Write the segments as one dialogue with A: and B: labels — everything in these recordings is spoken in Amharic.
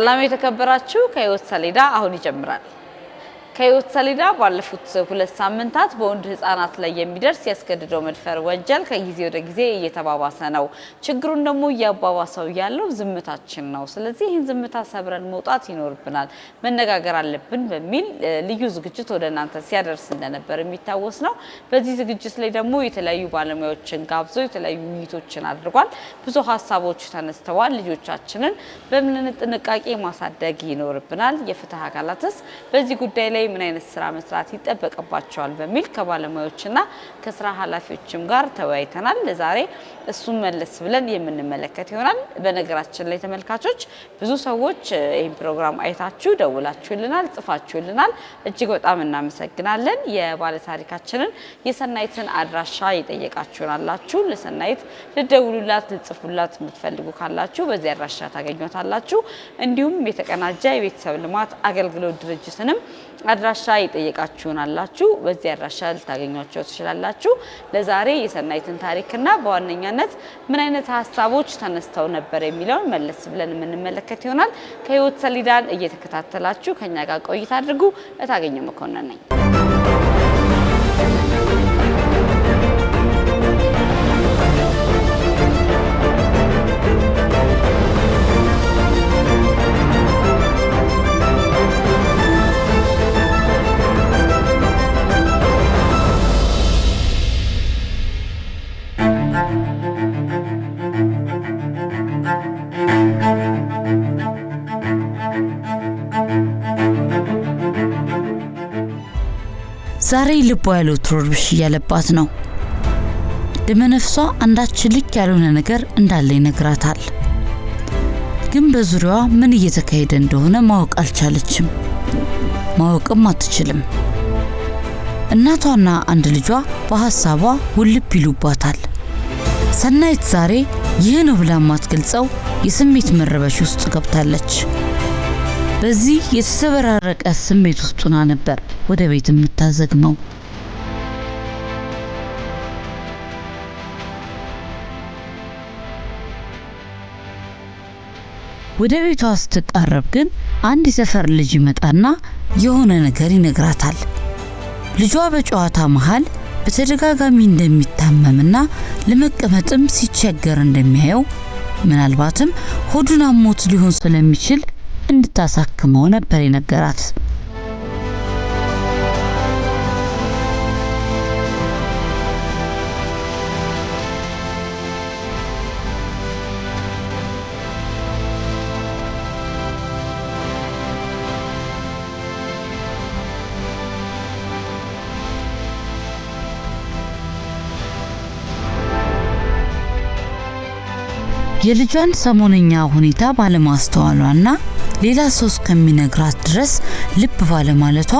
A: ሰላም የተከበራችሁ ከህይወት ሰሌዳ አሁን ይጀምራል። ከህይወት ሰሌዳ ባለፉት ሁለት ሳምንታት በወንድ ህጻናት ላይ የሚደርስ ያስገድዶ መድፈር ወንጀል ከጊዜ ወደ ጊዜ እየተባባሰ ነው። ችግሩን ደግሞ እያባባሰው ያለው ዝምታችን ነው። ስለዚህ ይህን ዝምታ ሰብረን መውጣት ይኖርብናል፣ መነጋገር አለብን በሚል ልዩ ዝግጅት ወደ እናንተ ሲያደርስ እንደነበር የሚታወስ ነው። በዚህ ዝግጅት ላይ ደግሞ የተለያዩ ባለሙያዎችን ጋብዞ የተለያዩ ውይይቶችን አድርጓል። ብዙ ሀሳቦች ተነስተዋል። ልጆቻችንን በምን ጥንቃቄ ማሳደግ ይኖርብናል? የፍትህ አካላትስ በዚህ ጉዳይ ላይ ምን አይነት ስራ መስራት ይጠበቅባቸዋል በሚል ከባለሙያዎችና ከስራ ኃላፊዎችም ጋር ተወያይተናል። ለዛሬ እሱን መለስ ብለን የምንመለከት ይሆናል። በነገራችን ላይ ተመልካቾች ብዙ ሰዎች ይህን ፕሮግራም አይታችሁ ደውላችሁልናል፣ ጽፋችሁልናል። እጅግ በጣም እናመሰግናለን። የባለታሪካችንን የሰናይትን አድራሻ የጠየቃችሁን አላችሁ። ለሰናይት ልደውሉላት፣ ልጽፉላት የምትፈልጉ ካላችሁ በዚህ አድራሻ ታገኟታላችሁ። እንዲሁም የተቀናጀ የቤተሰብ ልማት አገልግሎት ድርጅትንም አድራሻ የጠየቃችሁን አላችሁ፣ በዚህ አድራሻ ልታገኟቸው ትችላላችሁ። ለዛሬ የሰናይትን ታሪክና በዋነኛነት ምን አይነት ሀሳቦች ተነስተው ነበር የሚለውን መለስ ብለን የምንመለከት ይሆናል። ከህይወት ሰሊዳን እየተከታተላችሁ ከኛ ጋር ቆይታ አድርጉ። ለታገኘ መኮንን ነኝ።
B: ዛሬ ልቧ ያለው ትሮርብሽ እያለባት ነው። ደመነፍሷ አንዳች ልክ ያልሆነ ነገር እንዳለ ይነግራታል። ግን በዙሪያዋ ምን እየተካሄደ እንደሆነ ማወቅ አልቻለችም፣ ማወቅም አትችልም። እናቷና አንድ ልጇ በሐሳቧ ውልብ ይሉባታል። ሰናይት ዛሬ ይህ ነው ብላ ማትገልጸው የስሜት መረበሽ ውስጥ ገብታለች። በዚህ የተሰበራረቀ ስሜት ውስጥ ሆና ነበር ወደ ቤት የምታዘግመው። ወደ ቤቷ ስትቃረብ ግን አንድ የሰፈር ልጅ ይመጣና የሆነ ነገር ይነግራታል። ልጇ በጨዋታ መሃል በተደጋጋሚ እንደሚታመምና ለመቀመጥም ሲቸገር እንደሚያየው ምናልባትም ሆዱን አሞት ሊሆን ስለሚችል እንድታሳክመው ነበር የነገራት። የልጇን ሰሞነኛ ሁኔታ ባለማስተዋሏና ሌላ ሰው እስከሚነግራት ድረስ ልብ ባለማለቷ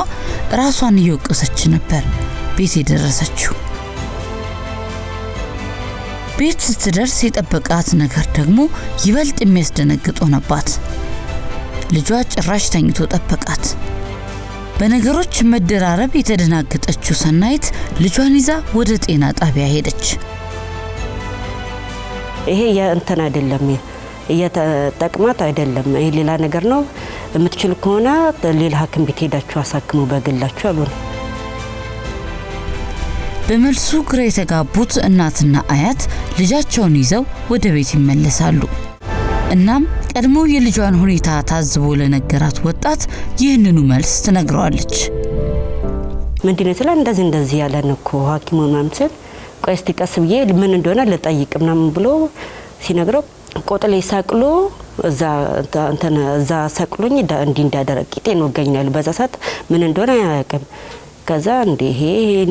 B: ራሷን እየወቀሰች ነበር ቤት የደረሰችው። ቤት ስትደርስ የጠበቃት ነገር ደግሞ ይበልጥ የሚያስደነግጥ ሆነባት። ልጇ ጭራሽ ተኝቶ ጠበቃት። በነገሮች መደራረብ የተደናገጠችው ሰናይት ልጇን ይዛ ወደ ጤና ጣቢያ ሄደች።
C: ይሄ የእንተን አይደለም እየተጠቅማት አይደለም፣ ይህ ሌላ ነገር ነው። የምትችል ከሆነ ሌላ ሐኪም ቤት ሄዳችሁ አሳክሙ በግላችሁ አሉ ነው።
B: በመልሱ ግራ የተጋቡት እናትና አያት ልጃቸውን ይዘው ወደ ቤት ይመለሳሉ። እናም ቀድሞ የልጇን ሁኔታ ታዝቦ ለነገራት ወጣት ይህንኑ መልስ ትነግረዋለች።
C: ምንድነው ስላ እንደዚህ እንደዚህ ያለን እኮ ሐኪሙን ማምስል ቆይ እስቲ ቀስ ብዬ ምን እንደሆነ ልጠይቅ ምናምን ብሎ ሲነግረው ቆጥሌ ሰቅሎ እዛ እዛ ሰቅሎኝ እንዲ እንዳደረግ ቂጤን ወገኛል። በዛ ሰዓት ምን እንደሆነ አያውቅም። ከዛ እንደ ይሄ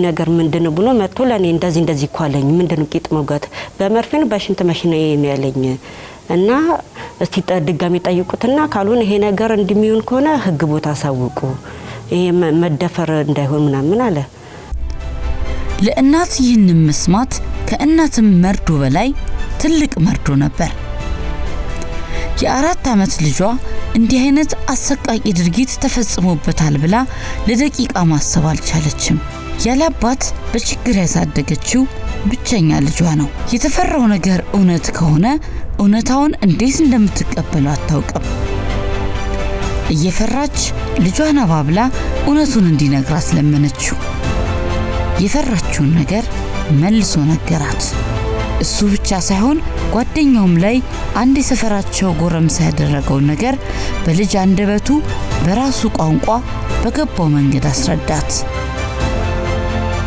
C: ነገር ምንድነው ብሎ መጥቶ ለእኔ እንደዚህ እንደዚህ እኮ አለኝ። ምንድን ቂጥ መውጋት በመርፌ ነው በሽንት መሽና ነው ያለኝ እና እስቲ ድጋሚ ጠይቁትና ካልሆነ ይሄ ነገር እንደሚሆን ከሆነ ህግ ቦታ አሳውቁ፣ ይሄ መደፈር እንዳይሆን ምናምን አለ።
B: ለእናት ይህንን መስማት ከእናትም መርዶ በላይ ትልቅ መርዶ ነበር። የአራት ዓመት ልጇ እንዲህ አይነት አሰቃቂ ድርጊት ተፈጽሞበታል ብላ ለደቂቃ ማሰብ አልቻለችም። ያለ አባት በችግር ያሳደገችው ብቸኛ ልጇ ነው። የተፈራው ነገር እውነት ከሆነ እውነታውን እንዴት እንደምትቀበለው አታውቅም። እየፈራች ልጇን አባብላ እውነቱን እንዲነግራት ለመነችው። የፈራችውን ነገር መልሶ ነገራት። እሱ ብቻ ሳይሆን ጓደኛውም ላይ አንድ የሰፈራቸው ጎረምሳ ያደረገውን ነገር በልጅ አንደበቱ በራሱ ቋንቋ በገባው መንገድ አስረዳት።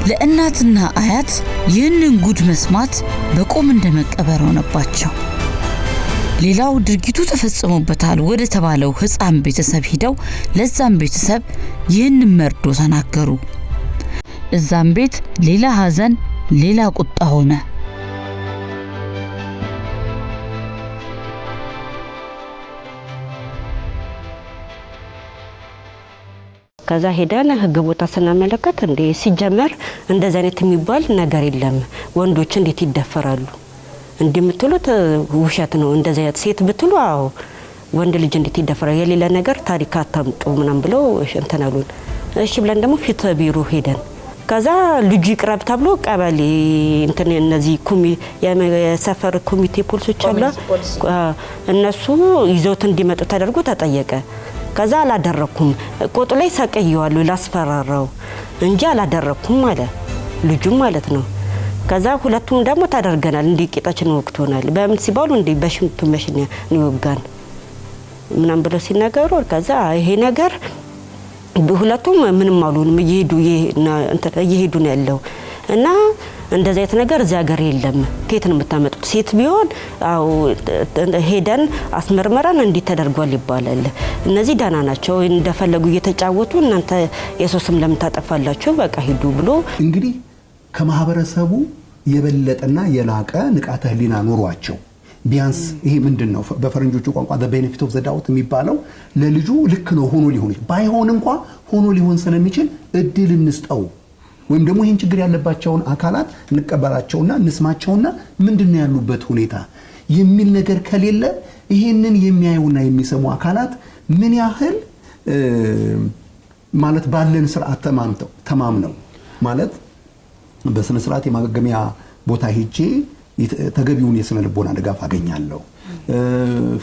B: ለእናትና አያት ይህንን ጉድ መስማት በቁም እንደመቀበር ሆነባቸው። ሌላው ድርጊቱ ተፈጽሞበታል ወደ ተባለው ሕፃን ቤተሰብ ሂደው ለዛም ቤተሰብ ይህንን መርዶ ተናገሩ። እዛም ቤት ሌላ ሀዘን ሌላ ቁጣ ሆነ።
C: ከዛ ሄደን ህግ ቦታ ስናመለከት እንዴ ሲጀመር እንደዚህ አይነት የሚባል ነገር የለም፣ ወንዶች እንዴት ይደፈራሉ እንደምትሉት ውሸት ነው። እንደዚህ አይነት ሴት ብትሉ አዎ ወንድ ልጅ እንዴት ይደፈራል የሌለ ነገር ታሪክ አታምጡ ምናም ብለው እንትን አሉን። እሺ ብለን ደግሞ ፊት ቢሮ ሄደን ከዛ ልጁ ይቅረብ ተብሎ ቀበሌ እንትን እነዚህ የሰፈር ኮሚቴ ፖሊሶች አሉ እነሱ ይዘውት እንዲመጡ ተደርጎ ተጠየቀ። ከዛ አላደረኩም ቆጡ ላይ ሰቀየዋለሁ ላስፈራራው እንጂ አላደረኩም አለ ልጁም ማለት ነው። ከዛ ሁለቱም ደግሞ ታደርገናል እንዲ ቂጣችን ወቅቶናል በምን ሲባሉ እንዲ በሽምቱ መሽን ይወጋን ምናም ብለው ሲነገሩ ከዛ ይሄ ነገር ሁለቱም ምንም አሉንም እየሄዱ እየሄዱ ነው ያለው እና እንደዚህ አይነት ነገር እዚህ ሀገር የለም። ከየት ነው የምታመጡት? ሴት ቢሆን አው ሄደን አስመርመረን እንዲህ ተደርጓል ይባላል። እነዚህ ዳና ናቸው፣ እንደፈለጉ እየተጫወቱ እናንተ የሰው ስም ለምን ታጠፋላችሁ? በቃ ሂዱ ብሎ
D: እንግዲህ ከማህበረሰቡ የበለጠና የላቀ ንቃተ ህሊና ኖሯቸው ቢያንስ ይሄ ምንድን ነው በፈረንጆቹ ቋንቋ ቤኔፊት ኦፍ ዘዳውት የሚባለው ለልጁ ልክ ነው ሆኖ ሊሆን ባይሆን እንኳ ሆኖ ሊሆን ስለሚችል እድል እንስጠው ወይም ደግሞ ይህን ችግር ያለባቸውን አካላት እንቀበላቸውና እንስማቸውና ምንድን ያሉበት ሁኔታ የሚል ነገር ከሌለ ይህንን የሚያዩና የሚሰሙ አካላት ምን ያህል ማለት ባለን ስርዓት ተማምተው ተማምነው ማለት በስነ ስርዓት የማገገሚያ ቦታ ሄጄ ተገቢውን የስነ ልቦና ድጋፍ አገኛለሁ።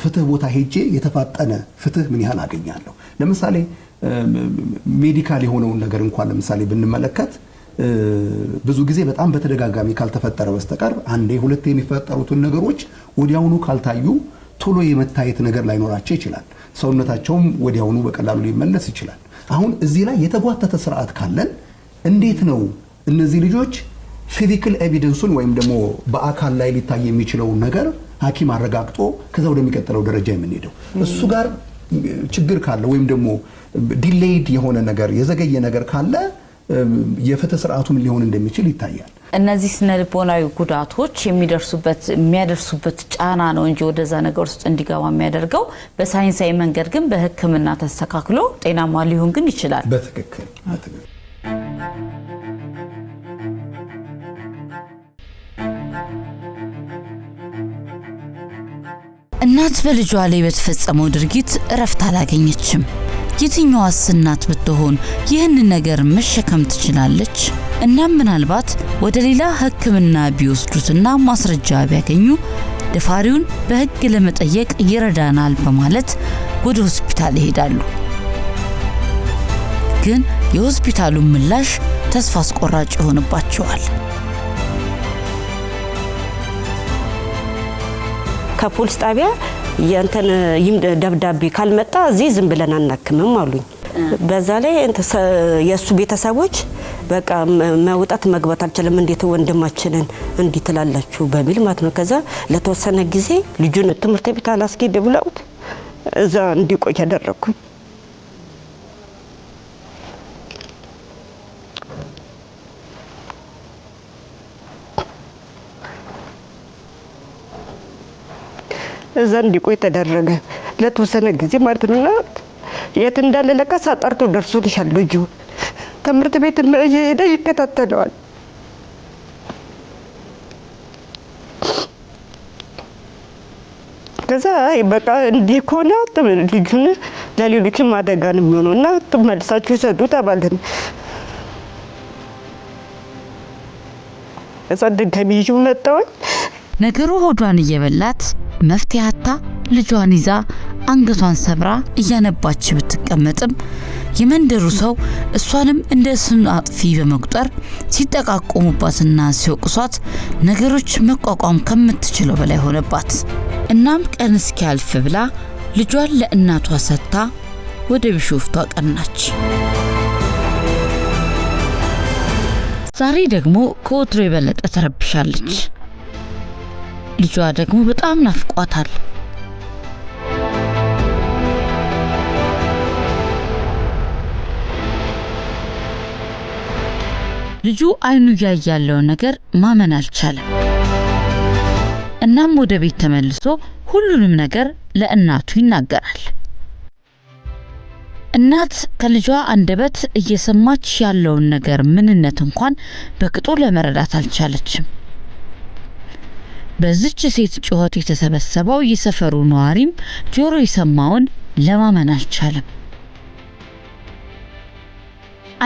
D: ፍትህ ቦታ ሄጄ የተፋጠነ ፍትህ ምን ያህል አገኛለሁ። ለምሳሌ ሜዲካል የሆነውን ነገር እንኳን ለምሳሌ ብንመለከት ብዙ ጊዜ በጣም በተደጋጋሚ ካልተፈጠረ በስተቀር አንዴ ሁለት የሚፈጠሩትን ነገሮች ወዲያውኑ ካልታዩ ቶሎ የመታየት ነገር ላይኖራቸው ይችላል። ሰውነታቸውም ወዲያውኑ በቀላሉ ሊመለስ ይችላል። አሁን እዚህ ላይ የተጓተተ ስርዓት ካለን እንዴት ነው እነዚህ ልጆች ፊዚክል ኤቪደንሱን ወይም ደግሞ በአካል ላይ ሊታይ የሚችለውን ነገር ሐኪም አረጋግጦ ከዛ ወደሚቀጥለው ደረጃ የምንሄደው እሱ ጋር ችግር ካለ ወይም ደግሞ ዲሌይድ የሆነ ነገር የዘገየ ነገር ካለ የፍትህ ስርዓቱም ሊሆን እንደሚችል ይታያል።
A: እነዚህ ስነ ልቦናዊ ጉዳቶች የሚደርሱበት የሚያደርሱበት ጫና ነው እንጂ ወደዛ ነገር ውስጥ እንዲገባ የሚያደርገው በሳይንሳዊ መንገድ ግን በሕክምና ተስተካክሎ ጤናማ ሊሆን ግን ይችላል።
D: በትክክል
B: እናት በልጇ ላይ በተፈጸመው ድርጊት እረፍት አላገኘችም። የትኛዋስ እናት ብትሆን ይህንን ነገር መሸከም ትችላለች? እናም ምናልባት ወደ ሌላ ሕክምና ቢወስዱትና ማስረጃ ቢያገኙ ደፋሪውን በሕግ ለመጠየቅ ይረዳናል በማለት ወደ ሆስፒታል ይሄዳሉ። ግን የሆስፒታሉን ምላሽ ተስፋ አስቆራጭ ይሆንባቸዋል።
C: ከፖሊስ ጣቢያ የእንትን ደብዳቤ ካልመጣ እዚህ ዝም ብለን አናክምም አሉኝ። በዛ ላይ የእሱ ቤተሰቦች በቃ መውጣት መግባት አልችልም፣ እንዴት ወንድማችንን እንዲህ ትላላችሁ በሚል ማለት ነው። ከዛ ለተወሰነ ጊዜ ልጁን ትምህርት ቤት አላስኬድ ብለውት እዛ እንዲቆይ ያደረግኩኝ እዛ እንዲቆይ ተደረገ ለተወሰነ ጊዜ ማለት ነው። እና የት እንዳለ ለቀሳ ጠርቶ ደርሶልሻል ልጁ ትምህርት ቤት ሄደ ይከታተለዋል። ከዛ በቃ እንዲህ ከሆነ ልጁን ለሌሎችም አደጋ ነው የሚሆነው እና መልሳችሁ ይሰዱ ተባለን። እዛ ድጋሚ ይዤው መጣሁኝ።
B: ነገሩ ሆዷን እየበላት መፍትሄ አታ ልጇን ይዛ አንገቷን ሰብራ እያነባች ብትቀመጥም የመንደሩ ሰው እሷንም እንደ ስም አጥፊ በመቁጠር ሲጠቃቆሙባትና ሲወቅሷት ነገሮች መቋቋም ከምትችለው በላይ ሆነባት። እናም ቀን እስኪያልፍ ብላ ልጇን ለእናቷ ሰጥታ ወደ ቢሾፍቱ አቀናች። ዛሬ ደግሞ ከወትሮ የበለጠ ተረብሻለች። ልጇ ደግሞ በጣም ናፍቋታል። ልጁ አይኑ እያየ ያለውን ነገር ማመን አልቻለም። እናም ወደ ቤት ተመልሶ ሁሉንም ነገር ለእናቱ ይናገራል። እናት ከልጇ አንደበት እየሰማች ያለውን ነገር ምንነት እንኳን በቅጡ ለመረዳት አልቻለችም። በዝች ሴት ጩኸት የተሰበሰበው የሰፈሩ ነዋሪም ጆሮ የሰማውን ለማመን አልቻለም።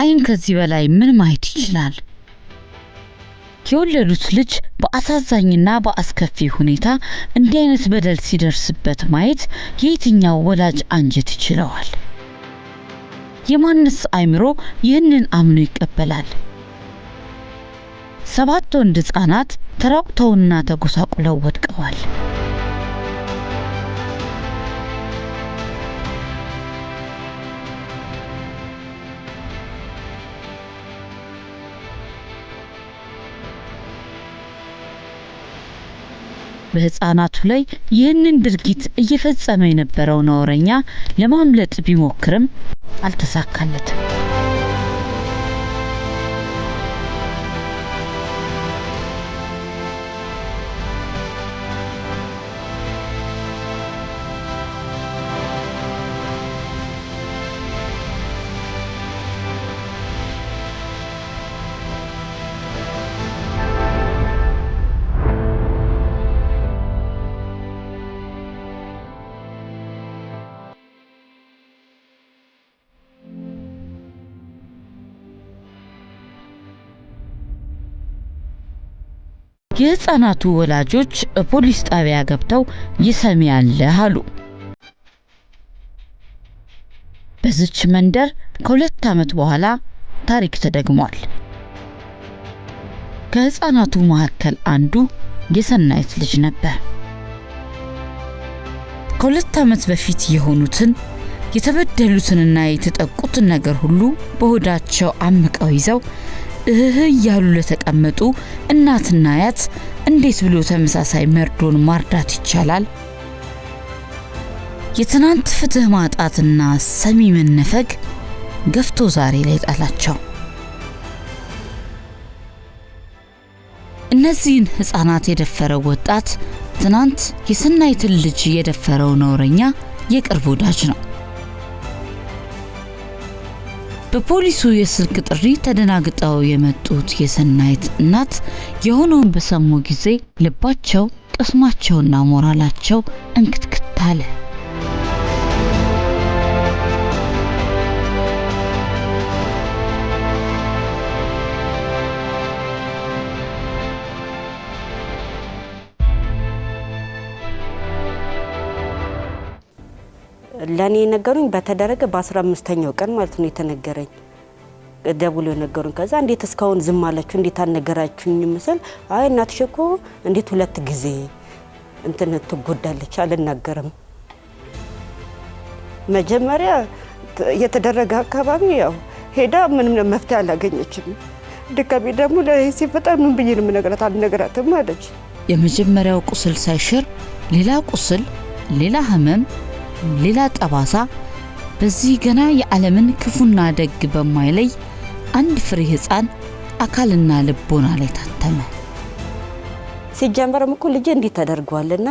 B: አይን ከዚህ በላይ ምን ማየት ይችላል? የወለዱት ልጅ በአሳዛኝና በአስከፊ ሁኔታ እንዲህ አይነት በደል ሲደርስበት ማየት የየትኛው ወላጅ አንጀት ይችለዋል? የማንስ አእምሮ ይህንን አምኖ ይቀበላል? ሰባት ወንድ ሕፃናት ተራቁተውና ተጎሳቁለው ወድቀዋል። በህፃናቱ ላይ ይህንን ድርጊት እየፈጸመ የነበረው ነውረኛ ለማምለጥ ቢሞክርም አልተሳካለትም። የህፃናቱ ወላጆች ፖሊስ ጣቢያ ገብተው ይሰሚያለህ አሉ። በዝች መንደር ከሁለት ዓመት በኋላ ታሪክ ተደግሟል። ከህፃናቱ መካከል አንዱ የሰናይት ልጅ ነበር። ከሁለት ዓመት በፊት የሆኑትን የተበደሉትንና የተጠቁትን ነገር ሁሉ በሆዳቸው አምቀው ይዘው እህህ እያሉ ለተቀመጡ እናትና አያት እንዴት ብሎ ተመሳሳይ መርዶን ማርዳት ይቻላል? የትናንት ፍትህ ማጣትና ሰሚ መነፈግ ገፍቶ ዛሬ ላይ ጣላቸው። እነዚህን ህፃናት የደፈረው ወጣት ትናንት የሰናይትን ልጅ የደፈረው ነውረኛ የቅርብ ወዳጅ ነው። በፖሊሱ የስልክ ጥሪ ተደናግጠው የመጡት የሰናይት እናት የሆነውን በሰሙ ጊዜ ልባቸው፣ ቅስማቸውና ሞራላቸው እንክትክት አለ።
C: ለእኔ የነገሩኝ በተደረገ በ15ኛው ቀን ማለት ነው የተነገረኝ ደውሎ የነገሩኝ። ከዛ እንዴት እስካሁን ዝም አላችሁ እንዴት አልነገራችሁኝም ምስል አይ እናትሽ እኮ እንዴት ሁለት ጊዜ እንትን ትጎዳለች አልናገርም። መጀመሪያ የተደረገ አካባቢ ያው ሄዳ ምንም መፍትሄ አላገኘችም። ድጋሜ ደግሞ ሲፈጠር ምን ብዬ ነው የምነግራት? አልነግራትም አለች።
B: የመጀመሪያው ቁስል ሳይሽር ሌላ ቁስል፣ ሌላ ህመም ሌላ ጠባሳ በዚህ ገና የዓለምን ክፉና ደግ በማይለይ አንድ ፍሬ ሕፃን አካልና ልቦና ላይ ታተመ።
C: ሲጀመርም እኮ ልጄ እንዲህ ተደርጓልና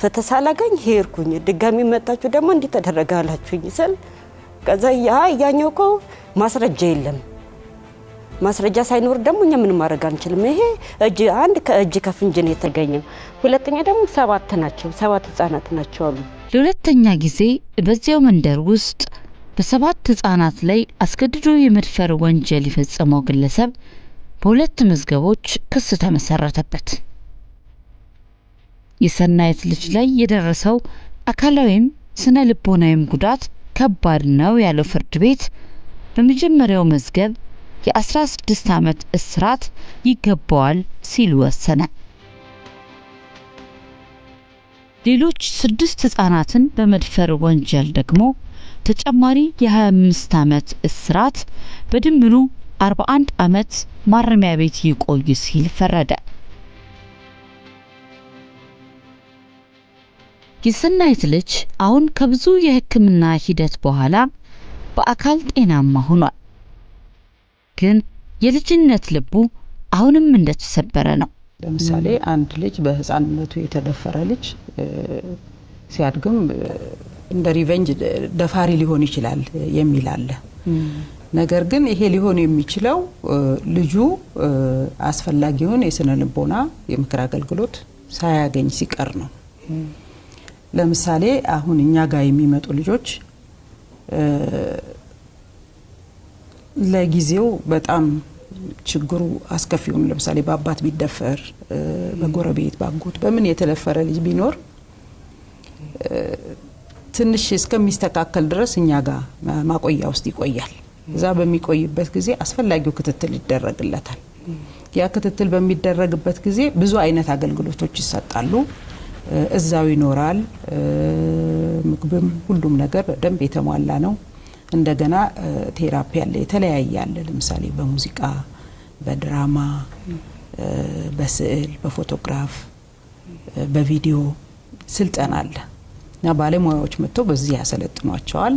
C: ፍትህ ሳላገኝ ሄድኩኝ። ድጋሚ መጣችሁ ደግሞ እንዲህ ተደረጋላችሁኝ ስል ከዛ ያ ያኛው እኮ ማስረጃ የለም ማስረጃ ሳይኖር ደግሞ እኛ ምን ማድረግ አንችልም። ይሄ እጅ አንድ ከእጅ ከፍንጅ ነው የተገኘ። ሁለተኛ ደግሞ ሰባት ናቸው፣ ሰባት ህጻናት ናቸው አሉ።
B: ለሁለተኛ ጊዜ በዚያው መንደር ውስጥ በሰባት ህጻናት ላይ አስገድዶ የመድፈር ወንጀል የፈጸመው ግለሰብ በሁለት መዝገቦች ክስ ተመሰረተበት። የሰናየት ልጅ ላይ የደረሰው አካላዊም ስነ ልቦናዊም ጉዳት ከባድ ነው ያለው ፍርድ ቤት በመጀመሪያው መዝገብ የ16 ዓመት እስራት ይገባዋል ሲል ወሰነ። ሌሎች ስድስት ህጻናትን በመድፈር ወንጀል ደግሞ ተጨማሪ የ25 ዓመት እስራት በድምሩ 41 ዓመት ማረሚያ ቤት ይቆይ ሲል ፈረደ። የሰናይት ልጅ አሁን ከብዙ የሕክምና ሂደት በኋላ በአካል ጤናማ ሆኗል። ግን የልጅነት ልቡ አሁንም እንደተሰበረ ነው።
C: ለምሳሌ አንድ ልጅ በህፃንነቱ የተደፈረ ልጅ ሲያድግም እንደ ሪቨንጅ ደፋሪ ሊሆን ይችላል የሚል አለ። ነገር ግን ይሄ ሊሆን የሚችለው ልጁ አስፈላጊውን የስነ ልቦና የምክር አገልግሎት ሳያገኝ ሲቀር ነው። ለምሳሌ አሁን እኛ ጋር የሚመጡ ልጆች ለጊዜው በጣም ችግሩ አስከፊ ሆኑ። ለምሳሌ በአባት ቢደፈር በጎረቤት ባጎት በምን የተለፈረ ልጅ ቢኖር ትንሽ እስከሚስተካከል ድረስ እኛ ጋር ማቆያ ውስጥ ይቆያል። እዛ በሚቆይበት ጊዜ አስፈላጊው ክትትል ይደረግለታል። ያ ክትትል በሚደረግበት ጊዜ ብዙ አይነት አገልግሎቶች ይሰጣሉ። እዛው ይኖራል። ምግብም፣ ሁሉም ነገር በደንብ የተሟላ ነው። እንደገና ቴራፒ አለ፣ የተለያየ አለ። ለምሳሌ በሙዚቃ፣ በድራማ፣ በስዕል፣ በፎቶግራፍ፣ በቪዲዮ ስልጠና አለ እና ባለሙያዎች መጥተው በዚህ ያሰለጥኗቸዋል።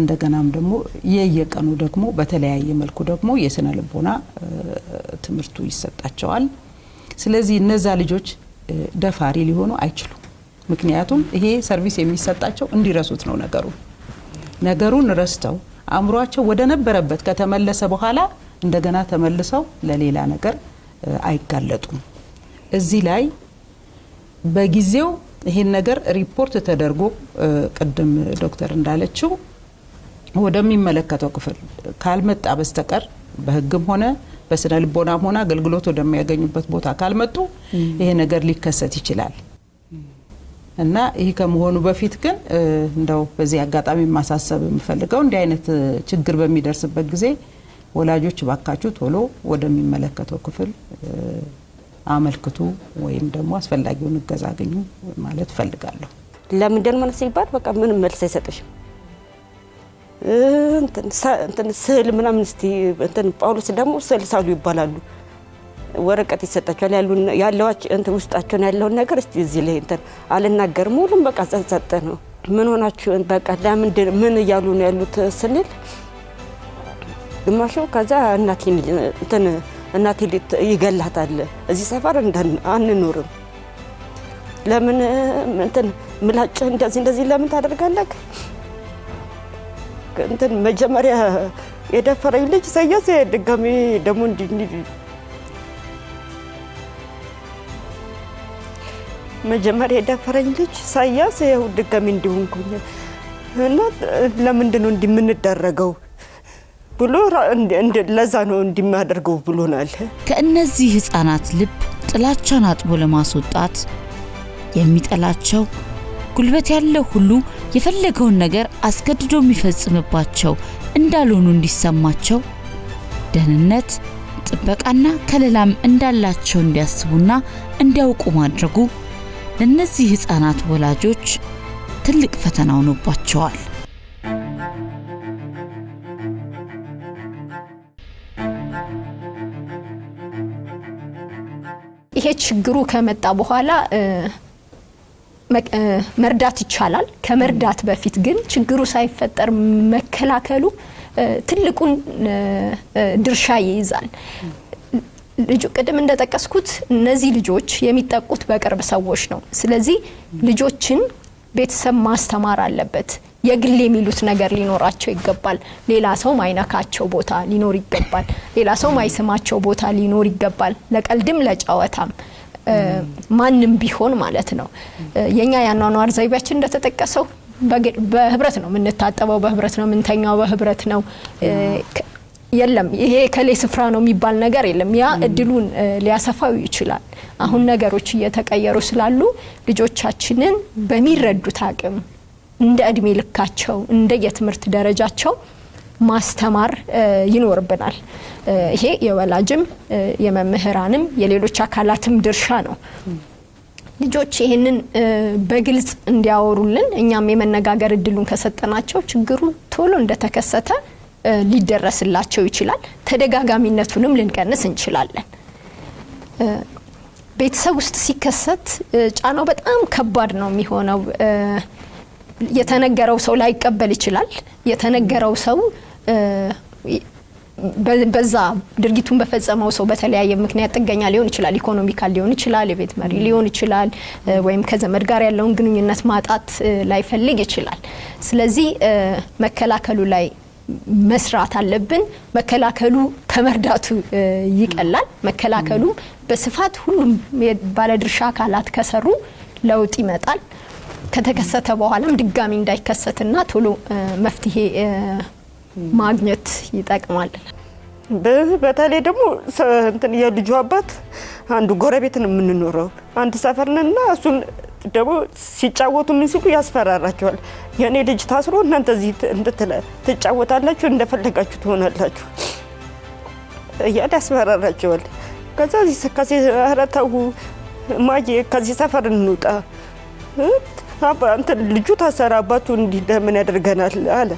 C: እንደገናም ደግሞ የየቀኑ ደግሞ በተለያየ መልኩ ደግሞ የስነ ልቦና ትምህርቱ ይሰጣቸዋል። ስለዚህ እነዛ ልጆች ደፋሪ ሊሆኑ አይችሉም። ምክንያቱም ይሄ ሰርቪስ የሚሰጣቸው እንዲረሱት ነው ነገሩ። ነገሩን ረስተው አእምሯቸው ወደ ነበረበት ከተመለሰ በኋላ እንደገና ተመልሰው ለሌላ ነገር አይጋለጡም። እዚህ ላይ በጊዜው ይህን ነገር ሪፖርት ተደርጎ ቅድም ዶክተር እንዳለችው ወደሚመለከተው ክፍል ካልመጣ በስተቀር በህግም ሆነ በስነ ልቦናም ሆነ አገልግሎት ወደሚያገኙበት ቦታ ካልመጡ ይሄ ነገር ሊከሰት ይችላል። እና ይህ ከመሆኑ በፊት ግን እንደው በዚህ አጋጣሚ ማሳሰብ የምፈልገው እንዲህ አይነት ችግር በሚደርስበት ጊዜ ወላጆች ባካችሁ ቶሎ ወደሚመለከተው ክፍል አመልክቱ ወይም ደግሞ አስፈላጊውን እገዛ አገኙ ማለት እፈልጋለሁ። ለምንድን ነው ሲባል በቃ ምንም መልስ አይሰጥሽም። እንትን ስዕል ምናምን እስቲ እንትን ጳውሎስ ደግሞ ስዕል ሳሉ ይባላሉ ወረቀት ይሰጣቸዋል። ያለዋች እንትን ውስጣቸውን ያለውን ነገር እስቲ እዚህ ላይ እንትን አልናገርም። ሁሉም በቃ ጸጸጠ ነው። ምን ሆናችሁ በቃ ለምንድን ምን እያሉ ነው ያሉት ስንል ግማሹ ከዛ እናቴን እንትን እናቴ ይገላታል፣ እዚህ ሰፈር አንኖርም። ለምን እንትን ምላጭ እንደዚህ እንደዚህ ለምን ታደርጋለህ? እንትን መጀመሪያ የደፈረኝ ልጅ ሰያሴ ድጋሚ ደግሞ እንዲ መጀመሪያ የደፈረኝ ልጅ ሳያስ ይኸው ድጋሚ እንዲሆንኩኝ እና ለምንድን ነው እንደምንደረገው ብሎ ለዛ ነው እንዲማደርገው ብሎናል።
B: ከእነዚህ ህፃናት ልብ ጥላቻን አጥቦ ለማስወጣት የሚጠላቸው ጉልበት ያለው ሁሉ የፈለገውን ነገር አስገድዶ የሚፈጽምባቸው እንዳልሆኑ እንዲሰማቸው ደህንነት፣ ጥበቃና ከለላም እንዳላቸው እንዲያስቡና እንዲያውቁ ማድረጉ እነዚህ ህፃናት ወላጆች ትልቅ ፈተና ሆኖባቸዋል።
E: ይሄ ችግሩ ከመጣ በኋላ መርዳት ይቻላል። ከመርዳት በፊት ግን ችግሩ ሳይፈጠር መከላከሉ ትልቁን ድርሻ ይይዛል። ልጁ ቅድም እንደጠቀስኩት እነዚህ ልጆች የሚጠቁት በቅርብ ሰዎች ነው። ስለዚህ ልጆችን ቤተሰብ ማስተማር አለበት። የግል የሚሉት ነገር ሊኖራቸው ይገባል። ሌላ ሰው ማይነካቸው ቦታ ሊኖር ይገባል። ሌላ ሰው ማይስማቸው ቦታ ሊኖር ይገባል። ለቀልድም ለጨዋታም ማንም ቢሆን ማለት ነው። የኛ ያኗኗር ዘይቤያችን እንደተጠቀሰው በህብረት ነው የምንታጠበው፣ በህብረት ነው የምንተኛው፣ በህብረት ነው የለም ይሄ ከሌ ስፍራ ነው የሚባል ነገር የለም። ያ እድሉን ሊያሰፋው ይችላል። አሁን ነገሮች እየተቀየሩ ስላሉ ልጆቻችንን በሚረዱት አቅም እንደ እድሜ ልካቸው እንደ የትምህርት ደረጃቸው ማስተማር ይኖርብናል። ይሄ የወላጅም የመምህራንም የሌሎች አካላትም ድርሻ ነው። ልጆች ይህንን በግልጽ እንዲያወሩልን እኛም የመነጋገር እድሉን ከሰጠናቸው ችግሩ ቶሎ እንደተከሰተ ሊደረስላቸው ይችላል። ተደጋጋሚነቱንም ልንቀንስ እንችላለን። ቤተሰብ ውስጥ ሲከሰት ጫናው በጣም ከባድ ነው የሚሆነው። የተነገረው ሰው ላይቀበል ይችላል። የተነገረው ሰው በዛ ድርጊቱን በፈጸመው ሰው በተለያየ ምክንያት ጥገኛ ሊሆን ይችላል። ኢኮኖሚካል ሊሆን ይችላል፣ የቤት መሪ ሊሆን ይችላል፣ ወይም ከዘመድ ጋር ያለውን ግንኙነት ማጣት ላይፈልግ ይችላል። ስለዚህ መከላከሉ ላይ መስራት አለብን። መከላከሉ ከመርዳቱ ይቀላል። መከላከሉም በስፋት ሁሉም ባለድርሻ አካላት ከሰሩ ለውጥ ይመጣል። ከተከሰተ በኋላም ድጋሚ እንዳይከሰትና ቶሎ መፍትሄ ማግኘት ይጠቅማል።
C: በተለይ ደግሞ እንትን የልጁ አባት አንዱ ጎረቤትን የምንኖረው አንድ ሰፈርንና እሱን ደግሞ ሲጫወቱ ምን ሲሉ ያስፈራራቸዋል። የእኔ ልጅ ታስሮ እናንተ እዚህ ትጫወታላችሁ፣ እንደፈለጋችሁ ትሆናላችሁ እያለ ያስፈራራቸዋል። ከዛ ከዚህ ኧረ ተው ከዚህ ሰፈር እንውጣ፣ አንተ ልጁ ታሰራ፣ አባቱ እንዲህ ለምን ያደርገናል አለ።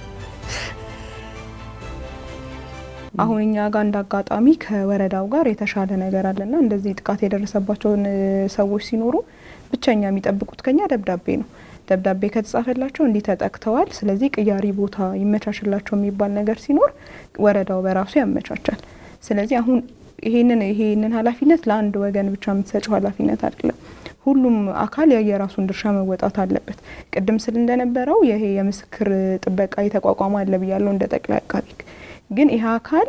F: አሁን እኛ ጋር እንደ አጋጣሚ ከወረዳው ጋር የተሻለ ነገር አለና እንደዚህ ጥቃት የደረሰባቸውን ሰዎች ሲኖሩ ብቸኛ የሚጠብቁት ከኛ ደብዳቤ ነው። ደብዳቤ ከተጻፈላቸው እንዲህ ተጠቅተዋል፣ ስለዚህ ቅያሪ ቦታ ይመቻችላቸው የሚባል ነገር ሲኖር ወረዳው በራሱ ያመቻቻል። ስለዚህ አሁን ይሄንን ይሄንን ኃላፊነት ለአንድ ወገን ብቻ የምትሰጭው ኃላፊነት አይደለም። ሁሉም አካል የየራሱን ድርሻ መወጣት አለበት። ቅድም ስል እንደነበረው ይሄ የምስክር ጥበቃ የተቋቋመ አለ ብያለው እንደ ጠቅላይ አቃቢ ግን ይህ አካል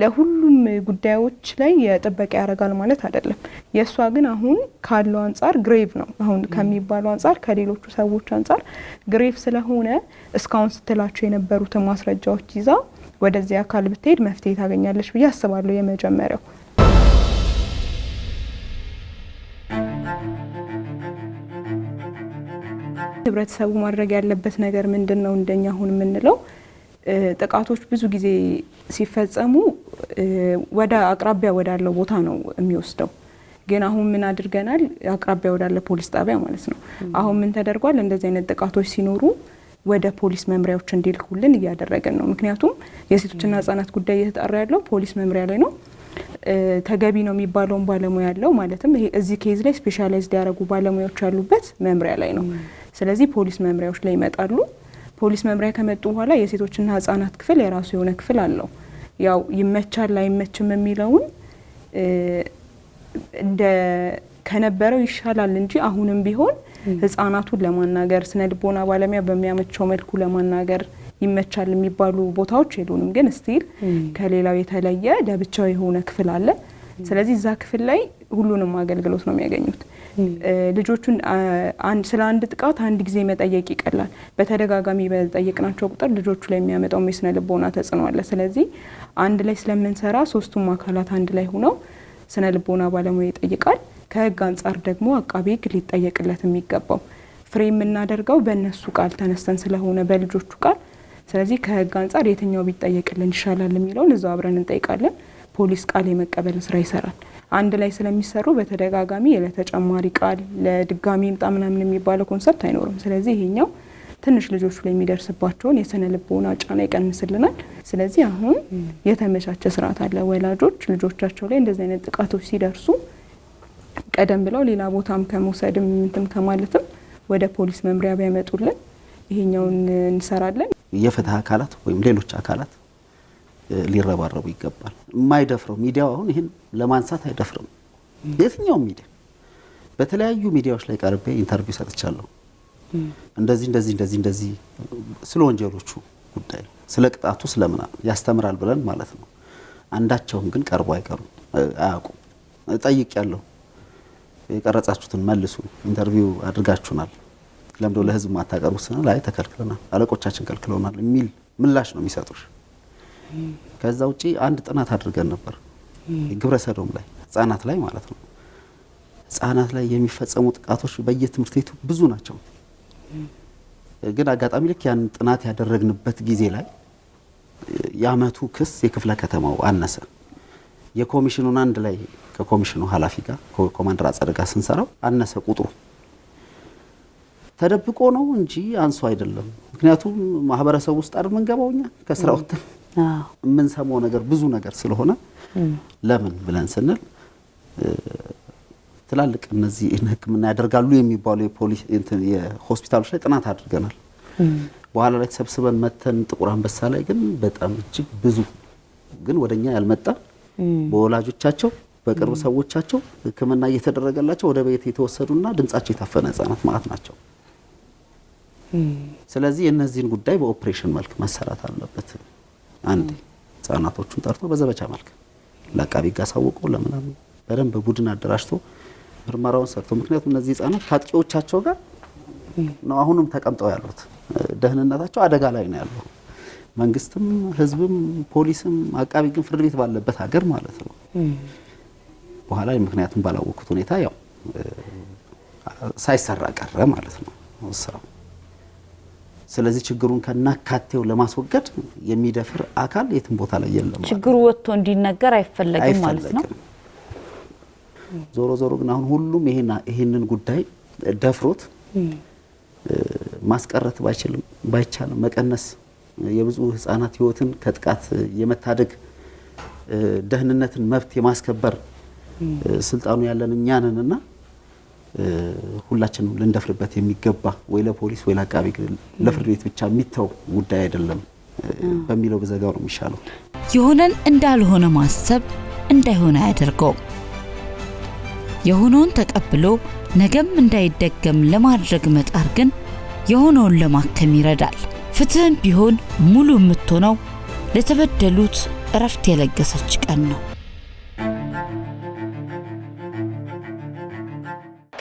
F: ለሁሉም ጉዳዮች ላይ የጥበቃ ያደርጋል ማለት አይደለም። የእሷ ግን አሁን ካለው አንጻር ግሬቭ ነው አሁን ከሚባለው አንጻር ከሌሎቹ ሰዎች አንጻር ግሬቭ ስለሆነ እስካሁን ስትላቸው የነበሩትን ማስረጃዎች ይዛ ወደዚህ አካል ብትሄድ መፍትሄ ታገኛለች ብዬ አስባለሁ። የመጀመሪያው ህብረተሰቡ ማድረግ ያለበት ነገር ምንድን ነው? እንደኛ አሁን የምንለው ጥቃቶች ብዙ ጊዜ ሲፈጸሙ ወደ አቅራቢያ ወዳለው ቦታ ነው የሚወስደው። ግን አሁን ምን አድርገናል? አቅራቢያ ወዳለ ፖሊስ ጣቢያ ማለት ነው። አሁን ምን ተደርጓል? እንደዚህ አይነት ጥቃቶች ሲኖሩ ወደ ፖሊስ መምሪያዎች እንዲልኩልን እያደረገን ነው። ምክንያቱም የሴቶችና ህጻናት ጉዳይ እየተጣራ ያለው ፖሊስ መምሪያ ላይ ነው። ተገቢ ነው የሚባለውን ባለሙያ ያለው ማለትም ይሄ እዚህ ኬዝ ላይ ስፔሻላይዝ ያደረጉ ባለሙያዎች ያሉበት መምሪያ ላይ ነው። ስለዚህ ፖሊስ መምሪያዎች ላይ ይመጣሉ። ፖሊስ መምሪያ ከመጡ በኋላ የሴቶችና ህጻናት ክፍል የራሱ የሆነ ክፍል አለው። ያው ይመቻል አይመችም የሚለውን እንደ ከነበረው ይሻላል እንጂ አሁንም ቢሆን ህጻናቱን ለማናገር ስነ ልቦና ባለሙያ በሚያመቸው መልኩ ለማናገር ይመቻል የሚባሉ ቦታዎች የሉንም። ግን ስቲል ከሌላው የተለየ ለብቻው የሆነ ክፍል አለ። ስለዚህ እዛ ክፍል ላይ ሁሉንም አገልግሎት ነው የሚያገኙት። ልጆቹን ስለ አንድ ጥቃት አንድ ጊዜ መጠየቅ ይቀላል። በተደጋጋሚ በጠየቅናቸው ቁጥር ልጆቹ ላይ የሚያመጣው የስነ ልቦና ተጽዕኖ አለ። ስለዚህ አንድ ላይ ስለምንሰራ ሶስቱም አካላት አንድ ላይ ሆነው ስነ ልቦና ባለሙያ ይጠይቃል። ከህግ አንጻር ደግሞ አቃቢ ህግ ሊጠየቅለት የሚገባው ፍሬ የምናደርገው በእነሱ ቃል ተነስተን ስለሆነ በልጆቹ ቃል ስለዚህ ከህግ አንጻር የትኛው ቢጠየቅልን ይሻላል የሚለውን እዛው አብረን እንጠይቃለን። ፖሊስ ቃል የመቀበል ስራ ይሰራል። አንድ ላይ ስለሚሰሩ በተደጋጋሚ ለተጨማሪ ቃል ለድጋሚ ምጣ ምናምን የሚባለው ኮንሰርት አይኖርም። ስለዚህ ይሄኛው ትንሽ ልጆቹ ላይ የሚደርስባቸውን የስነ ልቦና ጫና ይቀንስልናል። ስለዚህ አሁን የተመቻቸ ስርዓት አለ። ወላጆች ልጆቻቸው ላይ እንደዚህ አይነት ጥቃቶች ሲደርሱ ቀደም ብለው ሌላ ቦታም ከመውሰድም ምንትም ከማለትም ወደ ፖሊስ መምሪያ ቢያመጡልን ይሄኛውን እንሰራለን።
G: የፍትህ አካላት ወይም ሌሎች አካላት ሊረባረቡ ይገባል። የማይደፍረው ሚዲያው አሁን ይህን ለማንሳት አይደፍርም። የትኛው ሚዲያ በተለያዩ ሚዲያዎች ላይ ቀርቤ ኢንተርቪው ሰጥቻለሁ። እንደዚህ እንደዚህ እንደዚህ እንደዚህ ስለ ወንጀሎቹ ጉዳይ ስለ ቅጣቱ ስለምና ያስተምራል ብለን ማለት ነው። አንዳቸውም ግን ቀርቦ አይቀሩም አያውቁም። ጠይቅ ያለው የቀረጻችሁትን መልሱ፣ ኢንተርቪው አድርጋችሁናል፣ ለምደ ለህዝብ ማታቀርቡ ስንል አይ ተከልክለናል፣ አለቆቻችን ከልክለውናል የሚል ምላሽ ነው የሚሰጡሽ። ከዛ ውጪ አንድ ጥናት አድርገን ነበር ግብረ ሰዶም ላይ ህጻናት ላይ ማለት ነው። ህጻናት ላይ የሚፈጸሙ ጥቃቶች በየትምህርት ቤቱ ብዙ ናቸው። ግን አጋጣሚ ልክ ያን ጥናት ያደረግንበት ጊዜ ላይ የአመቱ ክስ የክፍለ ከተማው አነሰ። የኮሚሽኑን አንድ ላይ ከኮሚሽኑ ኃላፊ ጋር ኮማንደር አጸደጋ ስንሰራው አነሰ ቁጥሩ ተደብቆ ነው እንጂ አንሶ አይደለም። ምክንያቱም ማህበረሰብ ውስጥ አድር ምንገባው እኛ ከስራ ወጥተን የምንሰማው ነገር ብዙ ነገር ስለሆነ ለምን ብለን ስንል ትላልቅ እነዚህ ሕክምና ያደርጋሉ የሚባሉ የሆስፒታሎች ላይ ጥናት አድርገናል። በኋላ ላይ ተሰብስበን መተን ጥቁር አንበሳ ላይ ግን በጣም እጅግ ብዙ ግን ወደኛ ያልመጣ በወላጆቻቸው በቅርብ ሰዎቻቸው ሕክምና እየተደረገላቸው ወደ ቤት የተወሰዱና ድምጻቸው የታፈነ ህጻናት ማለት ናቸው። ስለዚህ የእነዚህን ጉዳይ በኦፕሬሽን መልክ መሰራት አለበት። አንዴ ህጻናቶቹን ጠርቶ በዘመቻ መልክ ለአቃቢ ጋ አሳውቆ ለምናምን በደንብ ቡድን አደራጅቶ ምርመራውን ሰርቶ ምክንያቱም እነዚህ ህጻናት ከአጥቂዎቻቸው ጋር ነው አሁንም ተቀምጠው ያሉት። ደህንነታቸው አደጋ ላይ ነው ያለው። መንግስትም፣ ህዝብም፣ ፖሊስም አቃቢ ግን ፍርድ ቤት ባለበት ሀገር ማለት ነው። በኋላ ምክንያቱም ባላወቁት ሁኔታ ያው ሳይሰራ ቀረ ማለት ነው ስራው። ስለዚህ ችግሩን ከናካቴው ለማስወገድ የሚደፍር አካል የትም ቦታ ላይ የለም። ችግሩ ወጥቶ እንዲነገር አይፈለግም ማለት ነው። ዞሮ ዞሮ ግን አሁን ሁሉም ይህንን ጉዳይ ደፍሮት ማስቀረት ባይቻልም መቀነስ የብዙ ህጻናት ህይወትን ከጥቃት የመታደግ ደህንነትን መብት የማስከበር ስልጣኑ ያለን እኛ ነን እና ሁላችንም ልንደፍርበት የሚገባ ወይ ለፖሊስ ወይ ለአቃቢ ለፍርድ ቤት ብቻ የሚተው ጉዳይ አይደለም በሚለው ብዘጋው ነው የሚሻለው።
B: የሆነን እንዳልሆነ ማሰብ እንዳይሆነ አያደርገውም። የሆነውን ተቀብሎ ነገም እንዳይደገም ለማድረግ መጣር ግን የሆነውን ለማከም ይረዳል። ፍትህም ቢሆን ሙሉ የምትሆነው ለተበደሉት እረፍት የለገሰች ቀን ነው።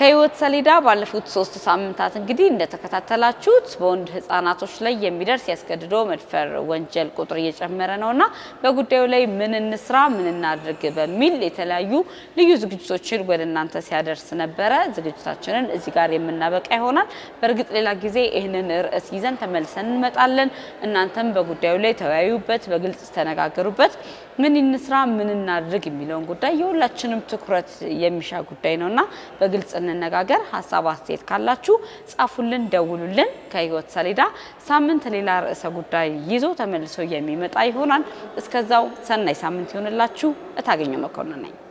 A: ከህይወት ሰሌዳ ባለፉት ሶስት ሳምንታት እንግዲህ እንደተከታተላችሁት በወንድ ህጻናቶች ላይ የሚደርስ ያስገድዶ መድፈር ወንጀል ቁጥር እየጨመረ ነውና በጉዳዩ ላይ ምን እንስራ፣ ምን እናድርግ በሚል የተለያዩ ልዩ ዝግጅቶችን ወደ እናንተ ሲያደርስ ነበረ። ዝግጅታችንን እዚህ ጋር የምናበቃ ይሆናል። በእርግጥ ሌላ ጊዜ ይህንን ርዕስ ይዘን ተመልሰን እንመጣለን። እናንተም በጉዳዩ ላይ ተወያዩበት፣ በግልጽ ተነጋገሩበት። ምን እንስራ፣ ምን እናድርግ የሚለውን ጉዳይ የሁላችንም ትኩረት የሚሻ ጉዳይ ነውና በግልጽ እንነጋገር። ሀሳብ አስተያየት ካላችሁ ጻፉልን፣ ደውሉልን። ከህይወት ሰሌዳ ሳምንት ሌላ ርዕሰ ጉዳይ ይዞ ተመልሶ የሚመጣ ይሆናል። እስከዛው ሰናይ ሳምንት ይሆንላችሁ። እታገኘ መኮንን ነኝ።